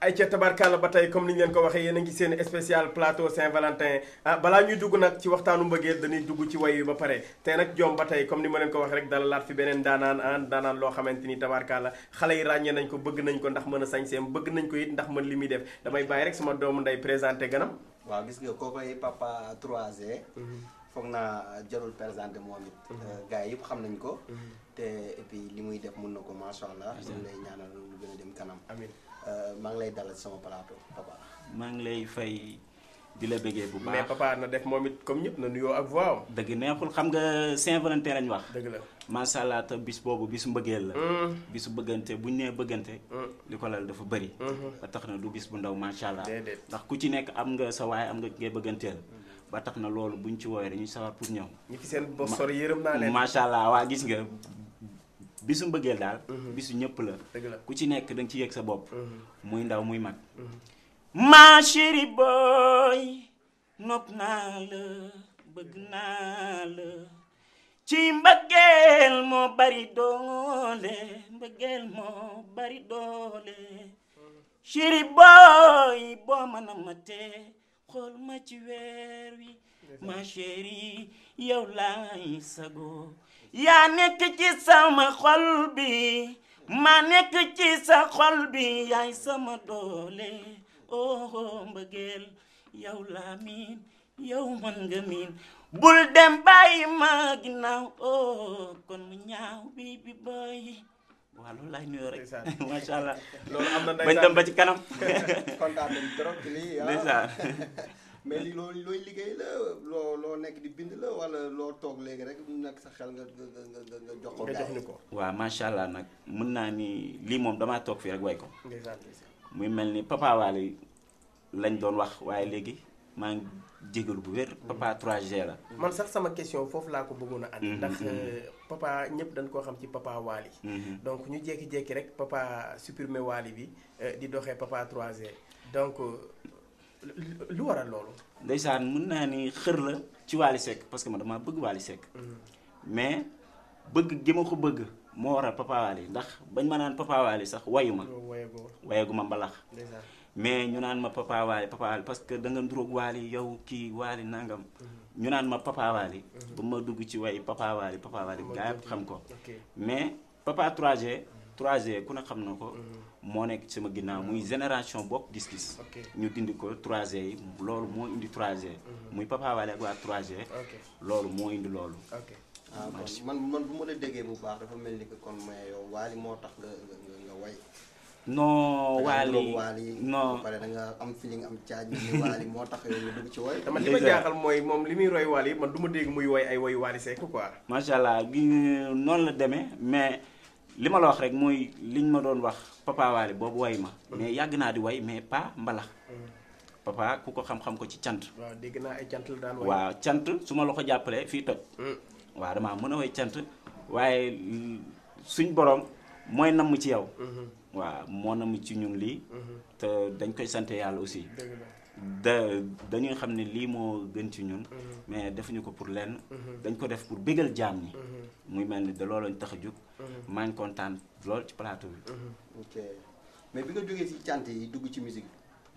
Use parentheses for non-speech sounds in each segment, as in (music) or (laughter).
ay ca la ba tey comme ni ñu leen ko waxee yéen a ngi seen spécial plateau Saint-Valentin ah balaa ñuy dugg nag ci waxtaanu mbëggeel dañuy dugg ci way ba pare te nag joom ba tey comme ni ma leen ko waxee rek dala fi beneen daanaan ah daanaan loo xamante ni tabarkalla xale yi ràññee nañ ko bëgg nañ ko ndax mën a sañseem bëgg nañ ko it ndax mën li muy def damay bàyyi rek sama doomu nday présenté ganam waaw gis nga koo kookoy papa 3 mhm. foog naa jarul présenté moom it mhm. euh, gars yi xam nañ ko mhm. te et puis li def allah. ñu lay ñaanal lu gën dem kanam. Euh, ngi lay dalal sama plateau papa. maa ngi lay fay di bu baax mais papa na def moom comme ñëpp na nuyoo ak voix am. neexul xam nga Saint-Valentin lañ wax. la allah bis bisu mbëggeel la. Mm. bisu bëggante buñ nee bëggante. Mm. li lal dafa mm-hmm. ba tax na du bis bu ndaw macha allah. ndax ku ci nekk am nga sa waaye am nga ngay bëgganteel. Mm-hmm. ba tax na loolu buñ ci woowee dañuy sawar pour ñëw. fi seen sori yërëm naa leen macha allah waa gis nga. bisu mbëggeel daal. Mhm. bisu ñëpp la. ku ci nekk da ci yëg sa bopp. Mhm. muy ndaw muy mag. Mhm. ma chéri boy nopp naa la bëgg naa la ci mbëggeel moo bari doole mbëggeel moo bari doole chéri boy boo mën a xool ma ci weer wi ma chéri yow laay sago yaa nekk ci sama xol bi maa nekk ci sa xol bi yaay sama doole oho mbëggeel yow laa miin yow mën nga miin bul dem bàyyi ma ginnaaw oh kon mu ñaaw bi bi boy waaw loolu laay nuyoo (laughs) bañ dem ba ci kanam. (laughs) kontaan (laughs) mais loolu loo looy liggéey la loo loo nekk di bind la wala loo toog léegi rek nag sa xel nga nga nga nga jox ko. nga jox ñu ko waaw allah nag mën naa ni lii moom damaa toog fii rek way ko. muy mel ni Papa Wally lañ doon wax waaye léegi maa ngi jégalu bu wér. Papa 3G mm-hmm. la. man sax sama question foofu laa ko bëggoon a andi. Mm-hmm. ndax mm-hmm. Euh, Papa ñëpp dañ koo xam ci Papa Wally. donc ñu jékki-jékki rek Papa supprimer Wally bi euh, di doxee Papa trois g donc. Euh, lu waral loolu. ndeysaan mën naa ni xër la ci Wally Seck parce que man damaa bëgg Wally sekk mm. mais bëgg gi ma ko bëgg moo war a Papa Wally ndax bañ ma naan Papa Wally sax wayu ma. wayagu ma mbalax. mais ñu ma Papa Wally Papa Wally parce que da nga nduróog Wally yow kii Wally nangam. Mm-hmm. ñu naan ma Papa mm-hmm. ma dugg ci way Papa Wally gaa yëpp xam ko. mais Papa 3G. ku ne xam na ko. Mm-hmm. moo nekk sama ginnaaw muy génération bokk gis-gis. ñu dindi ko 3 yi loolu moo indi 3G. Mhm. muy Papa Wally ak waa 3 loolu moo indi loolu. waaw ah, man man bu ma la déggee bu baax dafa mel ni que kon mais yow moo tax nga nga nga way. non Wally non pare da nga am feeling am caaj ni Wally moo tax yow nga dugg ci woy dama li ma mooy moom li muy roy Wally man du ma dégg muy woy ay woy Wally Seck quoi. macha allah gi noonu la demee mais. li ma la wax rek mooy liñ ma doon wax papa Waly boobu way ma. mais yàgg naa di way mais pas mbalax. papa ku ko xam-xam ko ci cant. waaw dégg naa ay cant la daan cant su ma la ko jàppalee fii toj. Hmm. waa damaa mën a way cant waaye suñ borom mooy namm ci yow. Hmm. waaw moo namm ci ñun lii. Hmm. te dañ koy sant yàlla aussi. da dañuy xam ne lii moo gën ci ñun. Mhm. mais defuñu ko pour lenn. Mhm. dañ ko def pour bégal jaam ñi. Mhm. muy mel ni de loolu lañ tax a jóg. maa ngi kontaan lool ci plateau bi. ok mais bi nga jógee ci cant yi dugg ci musique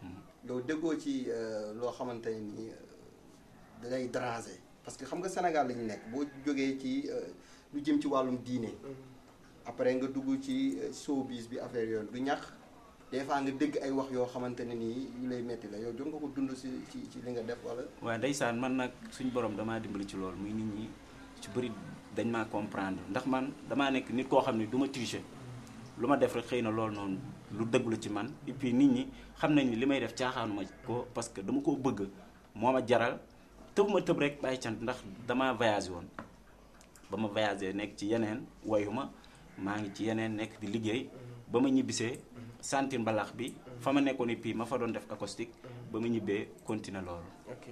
bi. loo déggoo ci euh, loo xamante ne nii euh, da lay parce que xam nga Sénégal lañu nekk boo jógee ci euh, lu jëm ci wàllum diine. après nga dugg ci showbiz bi affaire yoon du ñax. des fois nga dégg ay wax yoo xamante ne nii yu lay metti la yoo jot nga ko dund si ci ci li nga def wala. waaw ndeysaan man nag suñ borom damaa dimbali ci loolu muy nit ñi ci bëri dañ maa comprendre ndax man damaa nekk nit koo xam ne du ma tricher lu ma def rek xëy na lool noonu lu dëgg ci man et puis nit ñi xam nañ ni li may def caaxaanuma ko parce que dama koo bëgg moo ma jaral tëb ma tëb rek bàyyi cant ndax damaa voyagé woon ba ma voyagé nekk ci yeneen woyuma maa ngi ci yeneen nekk di liggéey ba ma ñibbisee. sentir mbalax bi. fa ma nekkoon ni ma fa doon def acoustique. ba mu ñibbee continuer loolu. ok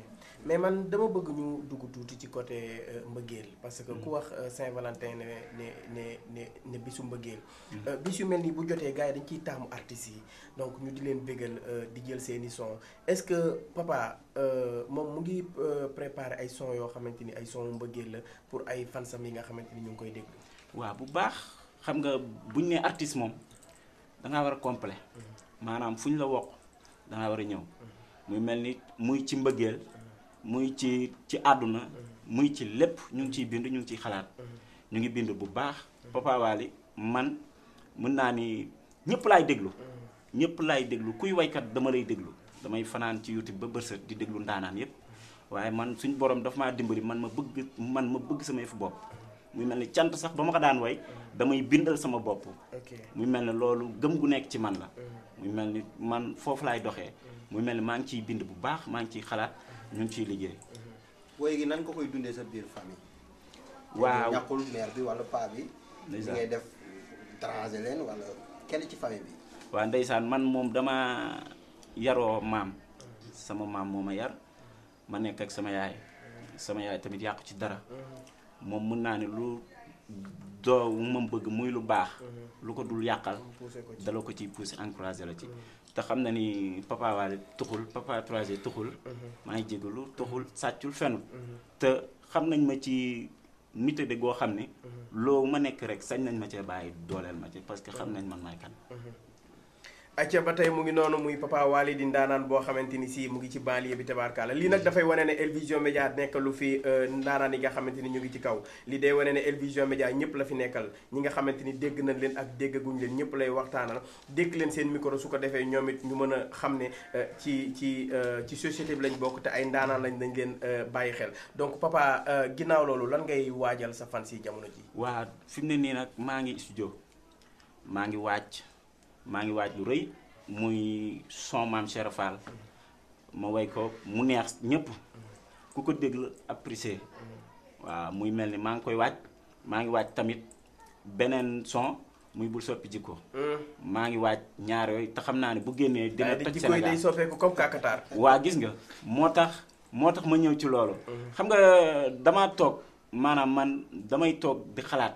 mais man dama bëgg ñu dugg tuuti ci côté euh, mbëggeel parce que ku mm. wax euh, Saint-Valentin ne ne ne ne ne bisu mbëggeel. Mm. Euh, bis yu mel nii bu jotee gars yi dañ ciy taamu artistes yi donc ñu di leen bégal di jël seeni son est-ce que papa moom mu ngi préparer ay son yoo xamante ni ay son mbëggeel la pour ay fansam yi nga xamante ni ñu ngi koy dégg. waaw bu baax xam nga buñ ne artiste moom. da war a complet maanaam fu ñu la wokk da war a ñëw muy mel ni muy ci mbëggeel muy ci ci àdduna muy ci lépp ñu ngi ciy bind ñu ngi ciy xalaat ñu ngi bind bu baax Papa man mën naa ni ñëpp laay déglu ñëpp laay déglu kuy waykat dama lay déglu damay fanaan ci YouTube ba bërsët di déglu ndaanaan yépp waaye man suñ borom dafa maa dimbali man ma bëgg man ma bëgg sama yëfu bopp muy mel ni cant sax ba ma ko daan woy damay bindal sama bopp muy mel ne loolu gëm gu nekk ci man la mm. muy mel ni man foofu laay doxee mm. muy mel ni maa ngi ciy bind bu baax maa ngi ciy xalaat ñu ngi ciy liggéey mm-hmm. woy gi nan ko koy dundee sa biir famille waaw ñàkkul mère bi wala bi li def trangé bi waaw ndeysaan man moom dama yaroo maam mm-hmm. sama maam moo ma yar ma nekk ak sama yaay mm-hmm. sama yaay tamit yàqu ci dara moom mën naa ne lu doo ma bëgg muy lu baax mhm. lu ko dul yàqal dala ko ci poussé encouragé la ci mhm. te xam na ni Papa Wally tuxul Papa 3 tuxul mhm. maa ngi jégalu tuxul sàccul fenul te xam nañ ma ci nité de goo xam ne loo ma nekk rek sañ nañ ma cee bàyyi dooleel ma ci parce que xam nañ man maay kan acca ba tey mu ngi noonu muy Papa Wally di ndaanaan boo xamante ni si mu ngi ci banlieue bi tabaarkaala li nag dafay wane ne El Vision Médias nekk lu fi euh, ndaanaan yi nga xamante ni ñu ngi ci kaw lii day wane ne El Vision ñëpp la fi nekkal ñi nga xamante ni dégg nañ leen ak déggaguñ leen ñëpp lay waxtaanal dégg leen seen micro su ko defee ñoom it ñu mën a xam ne euh, ci ci euh, ci société bi lañ bokk ay ndaanaan lañ dañ leen bàyyi xel donc papa ginnaaw loolu lan ngay waajal sa fan si jamono ji waa fi mu ne nii nag maa ngi studio maa ngi waaj maa ngi waaj lu rëy muy son maam Cheikh Fall ma way ko mu neex ñëpp ku ko déglu apprécier waaw muy mel ni maa ngi koy waaj maa ngi waaj tamit beneen son muy bul soppi jikko. Mm. maa ngi waaj ñaar yooyu te xam naa ne bu génnee. dina toj Sénégal day soppeeku comme kàkkataar. waa gis nga moo tax moo tax ma ñëw ci loolu. Mm. xam nga damaa toog maanaam man damay toog di xalaat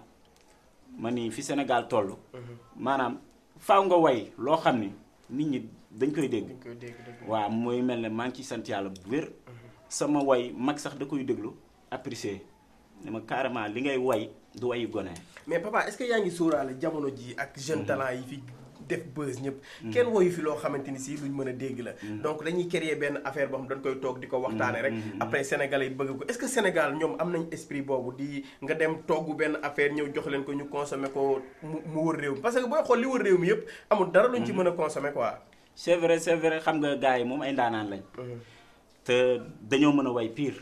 ma ni fi Sénégal toll. Mm-hmm. maanaam. faaw nga way loo xam ni nit ñi dañ koy dégg. dañ koy waaw mooy mel ne maa ngi ciy sant yàlla bu wér. Mm-hmm. sama way mag sax da koy déglu apprécier dama ma li ngay way du wayu gone. mais papa est yaa ngi sóoraale jamono ji ak jeune mm-hmm. talent yi fi. def buzz ñëpp mm. kenn wooyu fi loo xamante ni si luñ mën a dégg la mm. donc dañuy créer benn affaire boo xam dañ koy toog di ko waxtaane mm, rek après sénégalais yi bëgg ko est-ce que Sénégal ñoom am nañ esprit boobu di nga dem togg benn affaire ñëw jox leen ko ñu consommer ko mu wër réew mi parce que booy xool li wër réew mi yëpp amul dara luñ ci mën a consommer quoi c'est vrai c'est vrai xam nga gars yi moom ay ndaanaan lañ te dañoo mën a way pire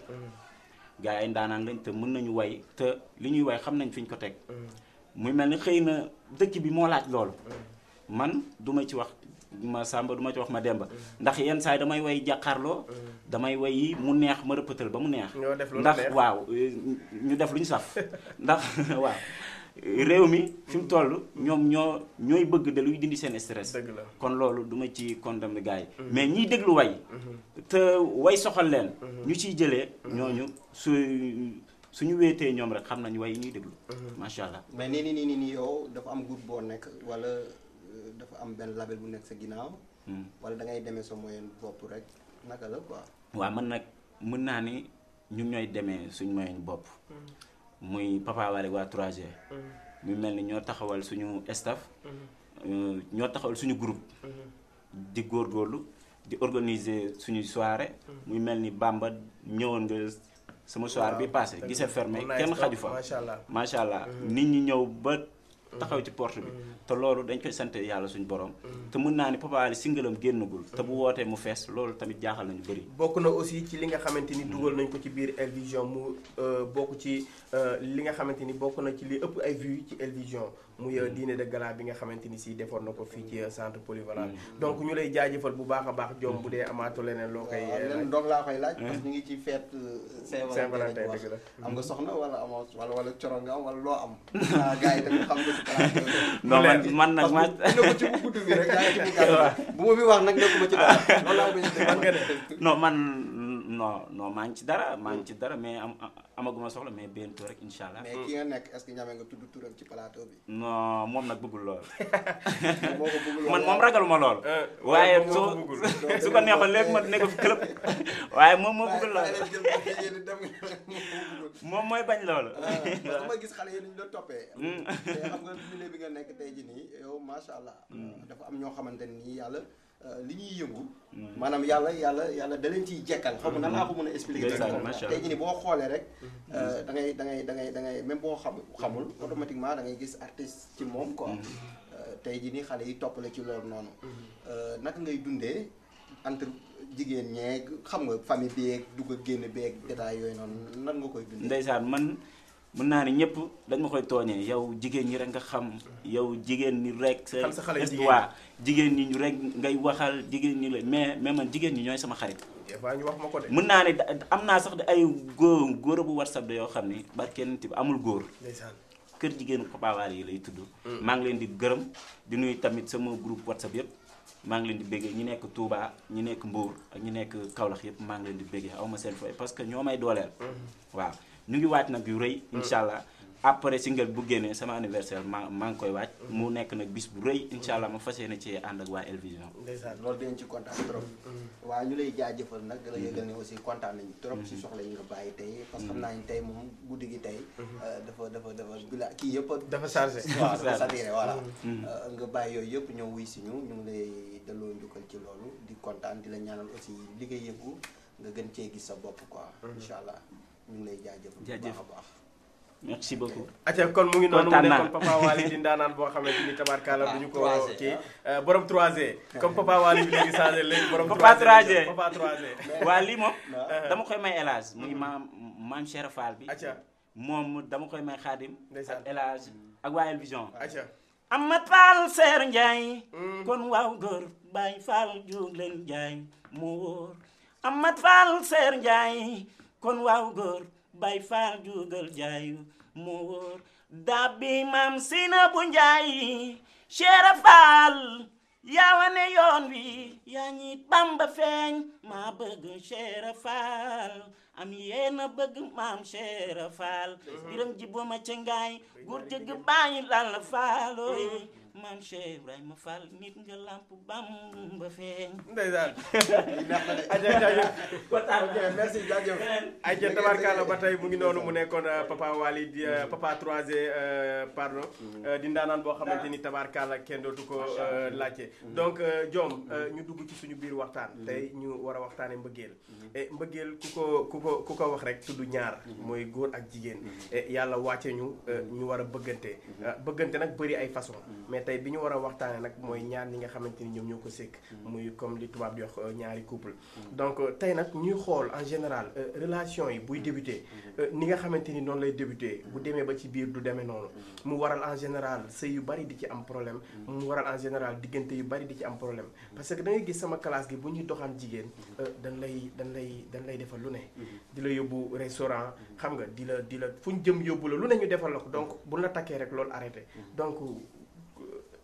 gars ay ndaanaan lañ te mën nañu way te li ñuy way xam nañ fi ko teg muy mel ni xëy na dëkk bi moo laaj loolu man duma ci wax ma sàmba duma ci wax ma demba ndax yenn saa yi damay way jàkkaarloo damay way yi mu neex ma rëppatal ba mu neex ndax waaw euh, ñu def lu ñu saf ndax (laughs) waaw réew mi fi mu toll ñoom ñoo ñooy bëgg de luy dindi seen stress kon loolu du ci condamné gars yi mm-hmm. mais ñiy déglu way mm-hmm. te way soxal leen mm-hmm. ñu ciy jëlee ñooñu su suñu wéetee ñoom rek xam nañ way ñuy déglu macha allah mais nii nii nii nii yow dafa am groupe boo nekk wala dafa am benn label bu nekk sa ginnaaw. Hmm. wala da ngay demee sa moyen bopp rek naka la quoi. waaw man nag mën naa ni ñun ñooy demee suñ moyen bopp. Hmm. muy Papa Wally waa hmm. mu mel ni ñoo taxawal suñu staff. Euh, ñoo taxawal suñu groupe. di góorgóorlu di organiser suñu soirée. muy mel ni Bamba ñëwoon nga. sama soir bi passé gisee fermé kenn xaju fa macha allah nit ñi ñëw ba taxaw ci porte bi mm. te loolu dañ koy sant yàlla suñu borom mm. te mën naa ni Papa Ali singalam génnagul te bu mm. wootee mu fees loolu tamit jaaxal nañu bëri bokk na aussi ci li nga xamante ni dugal nañ ko ci biir El Vision mu euh, bokk ci euh, li nga xamante ni bokk na ci li ëpp ay vues ci El Vision muy dîner de gala bi nga xamante ni si defoon na ko fii ci euh, centre polyvalent donc ñu lay jaajëfal bu baax a baax joom bu dee amaatu leneen loo koy leneen koy laaj parce que eh? ngi ci fête Saint-Valentin dëgg la am nga mm-hmm. soxna wala amoo wala wala coro nga am loo am (laughs) ah, (laughs) (laughs) non man man nag ma ko ci gudd bi ma man non non maa ngi ci dara maa ngi mm. ci dara mais am amaguma soxla mais bientôt rek incha mais ki nga nekk est-ce que ñame nga tudd turam ci plateau bi. non moom nag bëggul lool. (laughs) man moom ragaluma lool. Euh, waaye su (laughs) su ko neexoon léegi nekk fi (laughs) waaye moom moo bëggul lool. moom mooy bañ lool. waaw ah, ma gis xale yi ñu doon toppee. Mm. xam nga nekk tey jii nii yow macha allah. Mm. ñoo xamante ni yàlla. Euh, li ñuy yëngu. Mm-hmm. maanaam yàlla yàlla yàlla da leen ciy jekkal. xam na nan laa ko mën a expliquer. tey jii nii boo xoolee rek. Mm-hmm. Euh, da dangay da ngay da ngay da ngay même boo xam xamul mm-hmm. automatiquement da ngay gis artiste ci moom ko euh, tey jii ni xale yi topp toppale ci loolu noonu. naka ngay dundee entre jigéen ñeeg xam nga famille beeg dugg a génn beeg détail yooyu noonu nan nga koy dundee. mën naa ne ñëpp dañ ma koy tooñee yow jigéen ñi rek nga xam yow jigéen ñi rek. xam sa xale jigéen ñi rek ngay waxal jigéen ñi la mais mais man jigéen ñi ñooy sama xarit. des fois ñu wax ma ko de. mën naa ne am naa sax ay góor góor bu whatsapp da yoo xam ni barkeen bi amul góor. kër jigéenu Papa Wally yi lay tudd. Mm. maa ngi leen di gërëm di nuyu tamit sama groupe whatsapp yëpp. maa ngi leen di béggee ñi nekk Touba ñi nekk Mbour ak ñi nekk Kaolack yëpp maa ngi leen di béggee aw ma seen fooy parce que ñoo may dooleel. Mm. waaw ñu ngi waaj nag yu rëy incha allah après single bu génnee sama anniversaire ma maa ngi koy waaj mu nekk nag bis bu rëy incha allah ma fas yéene ci ànd ak waa Elvision. ndeysaan loolu dinañ ci kontaan trop. waa ñu lay jaajëfal nag la yëgal ne aussi kontaan nañu trop si soxla yi nga bàyyi tey parce que xam naa ni tey moom guddi gi tey. Euh, dafa dafa dafa bila kii yëpp dafa chargé. (laughs) waaw dafa saturé voilà. Mm. Mm. Euh, nga bàyyi yooyu yëpp ñëw wuy si ñu ñu ngi lay delloo njukkal ci loolu di kontaan di la ñaanal aussi liggéey yëpp nga gën cee gis sa bopp quoi. Mm-hmm. allah. ñu ngi lay jaajëfal. jaajëf a merci beaucoup. acca kon mu ngi noonu mu nekkoon Papa Waly di ndaanaan boo xamante ni tabarkaala du ñu ko kii euh, borom 3G. comme Papa Waly bi léegi changé léegi borom. 3 Papa 3G moom. (laughs) Euh. dama koy may élage muy mm-hmm. maam maam Cheikh Fall bi. acca moom dama koy may xaadim. ak élage ak waa El Vision. Amat Fall Seer Ndiaye. Mm. kon waaw góor Baye Fall jóg leen mu wóor. Amat Fall Seer Ndiaye. kon waaw góor bay faal jugal jaayu moo wóor dabbi maam sina bu njaay seera faal yaa wane yoon wi yaa ñiit bamba feeñ maa bëgg seera faal am yéen bëgg maam seera faal biram ji booma ca ngaay gur jëgg bàyyi lal faalooy maam Cheikh Ibrahima Fall nit nga lamp Bamba feeñ. ndeysaan. (laughs) merci jaajëf. ay ba tey mu ngi noonu mu nekkoon euh, papa Wally di euh, papa 3 euh, pardon. Mhm. di ndaanaan boo xamante ni ah. tabarkaala kenn dootu ko laajte. Mhm. donc Diome mhm. ñu dugg ci suñu biir waxtaan. tey ñu war a waxtaanee mbëggeel. et eh, mbëggeel ku ko ku ko ku ko wax rek tudd ñaar. mooy góor ak jigéen. Eh, yàlla wàcce ñu ñu war a bëggante. bëggante nag bëri ay façon mais tey bi ñu war a waxtaanee nag mooy ñaar ñi nga xamante ni ñoom ñoo ko sékk mm. muy comme li tubaab di wax euh, ñaari couple mm. donc euh, tey nag ñuy xool en général euh, relation yi buy mm. débuté ni nga xamante ni noonu lay débuté bu demee ba ci biir du demee noonu mu waral en général sëy yu bari di ci am problème mu waral en général diggante yu bari di ci am problème parce que da ngay gis sama classe gi bu ñuy doxaan jigéen dañ lay dañ lay dañ lay defal lu ne di la yóbbu restaurant xam nga di la di la fu ñu jëm yóbbu la lu ne ñu defal donc bu la takkee rek loolu arrêté donc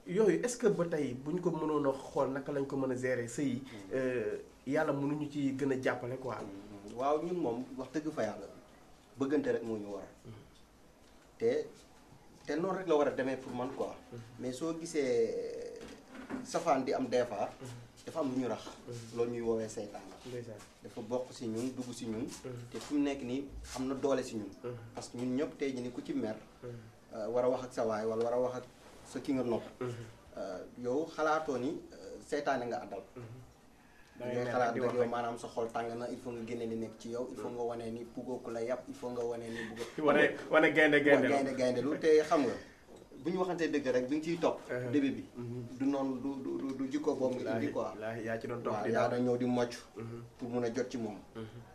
yooyu est-ce que ba tey bu ñu ko mënoon a xool naka lañ ko mën a gérer sëy mm-hmm. euh, yàlla mënuñu ci gën a jàppale ko mm-hmm. waaw ñun moom wax dëgg fa yàlla bëggante rek moo ñu war mm-hmm. te te noonu rek la war a demee pour man quoi mais soo gisee safaan di am des fois dafa am lu ñu rax loolu ñuy woowee seytaan la dafa bokk si ñun dugg si ñun te fu mu nekk nii am na doole si ñun parce ñun ñëpp tey ñu ni ku ci mer euh, war a wax ak sa waay war a wax ak sa ki nga nopp mhm. euh, yow xalaatoo ni euh, seetaane nga àddal mhm. ngay xalaat rek yow maanaam sa xool tàng na il faut nga génne li nekk ci yow il faut mhm. nga wanee ni buggoo ku la yàpp il faut nga wane ni buggoo wane (laughs) wane gaynde gaynde gaynde gaynde lu te xam nga bu ñu waxantee dëgg rek bi nga ciy topp. début bi. du noonu du du du jikko boobu nga indi quoi. yaa ci doon topp di yaa doon ñëw di mocc. pour mun a jot ci moom.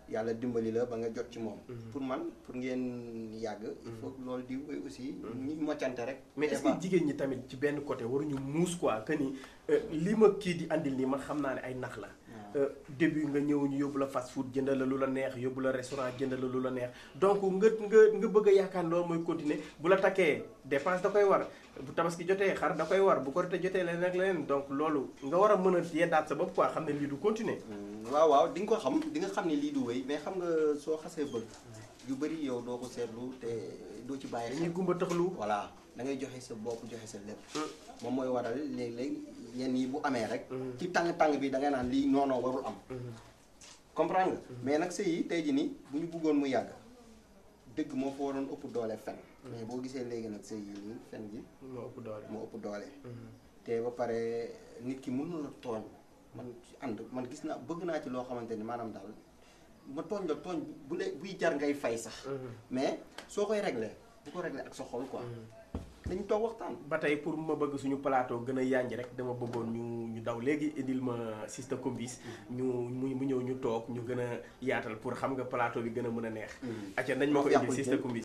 yàlla dimbali la ba nga jot ci moom. pour man pour ngeen yàgg. il faut loolu di wéy aussi. ñuy moccante rek. mais est jigéen ñi tamit ci benn côté waruñu muus quoi que ni euh, li ma kii di andil nii man xam naa ne ay nax la. Euh, début nga ñëw ñu yóbbu la fast food jëndala lu la neex yóbbu la restaurant jëndal la lu la neex donc nga nga nga bëgg a yaakaar loolu mooy continuer bu la takkee dépense da koy war bu tabaski jotee xar da koy war bu korite jotee leneen ak leneen donc loolu nga war a mën a yeddaat sa bopp quoi xam ne lii du continuer mm, waaw waaw di nga ko xam di nga xam ne lii du wéy mais xam nga soo xasee bëgg yu bëri yow doo ko seetlu te doo ci bàyyi dañuy gumba taxlu voilà da ngay joxe sa bopp joxe sa lépp euh. moom mooy waral léeg-léeg yenn yi bu amee rek ci mm-hmm. tàng-tàng bi da nga naan lii noonoo warul am mm-hmm. comprendre nga mm-hmm. mais nag sëy yi ji ni bu ñu bëggoon mu yàgg dëgg moo fa waroon ëpp doole fen mais boo gisee léegi nag sëy yi nii fen gi moo ëpp doole moo ëpp doole te ba pare nit ki mën na la tooñ man ci man gis naa bëgg naa ci loo xamante ni maanaam daal ma tooñ la tooñ bu dee buy jar ngay fay sax mais soo koy réglé bu ko réglé ak sa xol quoi dañu toog waxtaan. ba tey pour ma bëgg suñu plateau gën a yànji rek dama bëggoon ñu ñu daw léegi indil ma Sista Combis mm. ñu mu mu ñëw ñu toog ñu gën a yaatal pour xam nga plateau bi gën a mën a neex. Mm. acca nañ ma ko indil Sista Combis